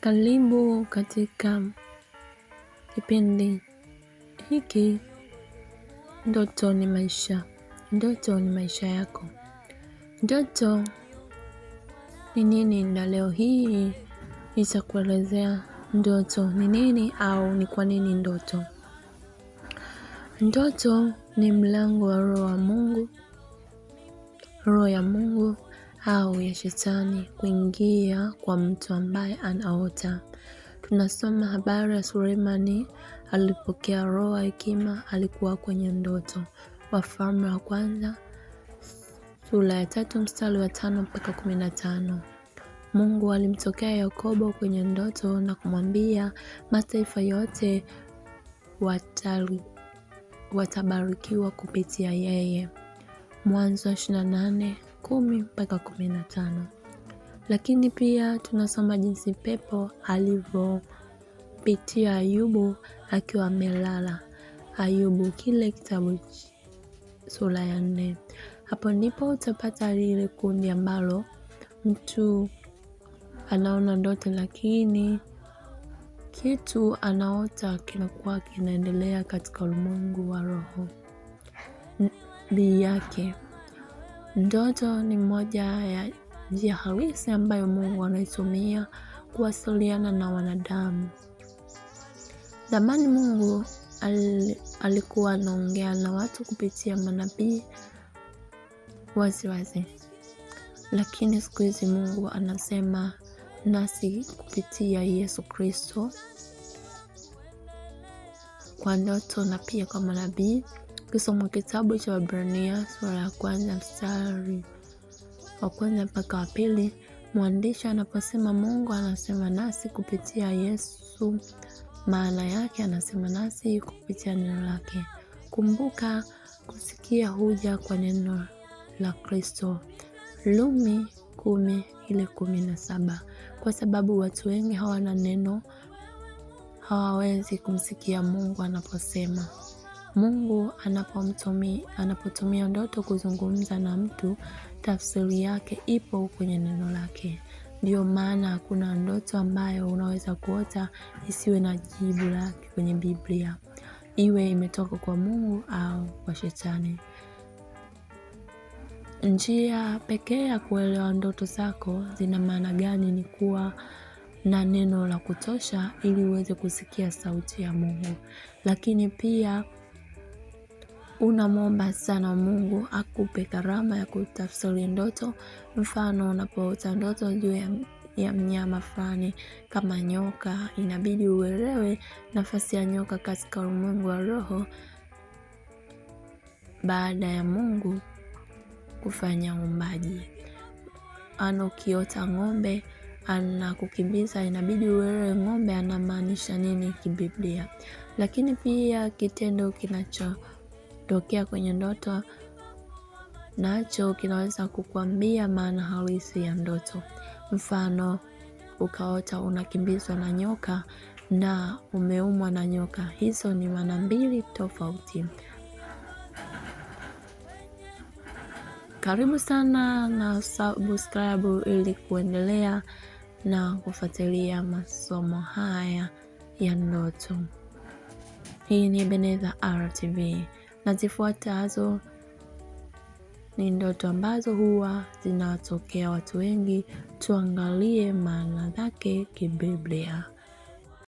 Karibu katika kipindi hiki Ndoto ni Maisha. Ndoto ni maisha yako. Ndoto ni nini? Na leo hii nitakuelezea ndoto ni nini au ni kwa nini ndoto. Ndoto ni mlango wa roho wa Mungu, roho ya Mungu au ya shetani kuingia kwa mtu ambaye anaota. Tunasoma habari ya Sulemani alipokea roho ya hekima, alikuwa kwenye ndoto. Wafalme wa Kwanza sura ya tatu mstari wa tano mpaka kumi na tano. Mungu alimtokea Yakobo kwenye ndoto na kumwambia mataifa yote watali, watabarikiwa kupitia yeye. Mwanzo nane kumi mpaka kumi na tano. Lakini pia tunasoma jinsi pepo alivyopitia Ayubu akiwa amelala. Ayubu kile kitabu sura ya nne. Hapo ndipo utapata lile kundi ambalo mtu anaona ndoto, lakini kitu anaota kinakuwa kinaendelea katika ulimwengu wa roho bii yake. Ndoto ni moja ya njia halisi ambayo Mungu anaitumia kuwasiliana na wanadamu. Zamani Mungu al, alikuwa anaongea na watu kupitia manabii waziwazi, lakini siku hizi Mungu anasema nasi kupitia Yesu Kristo kwa ndoto na pia kwa manabii. Ukisoma kitabu cha Waebrania sura ya kwanza mstari wa kwanza mpaka wa pili, mwandishi anaposema Mungu anasema nasi kupitia Yesu, maana yake anasema nasi kupitia neno lake. Kumbuka, kusikia huja kwa neno la Kristo, Rumi kumi ile kumi na saba. Kwa sababu watu wengi hawana neno, hawawezi kumsikia Mungu anaposema. Mungu anapotumia ndoto kuzungumza na mtu, tafsiri yake ipo kwenye neno lake. Ndiyo maana kuna ndoto ambayo unaweza kuota isiwe na jibu lake kwenye Biblia, iwe imetoka kwa Mungu au kwa Shetani. Njia pekee ya kuelewa ndoto zako zina maana gani ni kuwa na neno la kutosha ili uweze kusikia sauti ya Mungu, lakini pia unamwomba sana Mungu akupe karama ya kutafsiri ndoto. Mfano, unapoota ndoto juu ya ya mnyama fulani kama nyoka, inabidi uelewe nafasi ya nyoka katika ulimwengu wa roho baada ya Mungu kufanya uumbaji. Ana ukiota ng'ombe anakukimbiza, inabidi uelewe ng'ombe anamaanisha nini kibiblia. Lakini pia kitendo kinacho kutokea kwenye ndoto nacho kinaweza kukwambia maana halisi ya ndoto. Mfano, ukaota unakimbizwa na nyoka na umeumwa na nyoka. Hizo ni maana mbili tofauti. Karibu sana na subscribe ili kuendelea na kufuatilia masomo haya ya ndoto. Hii ni Beneza RTV na zifuatazo ni ndoto ambazo huwa zinatokea watu wengi. Tuangalie maana zake kibiblia.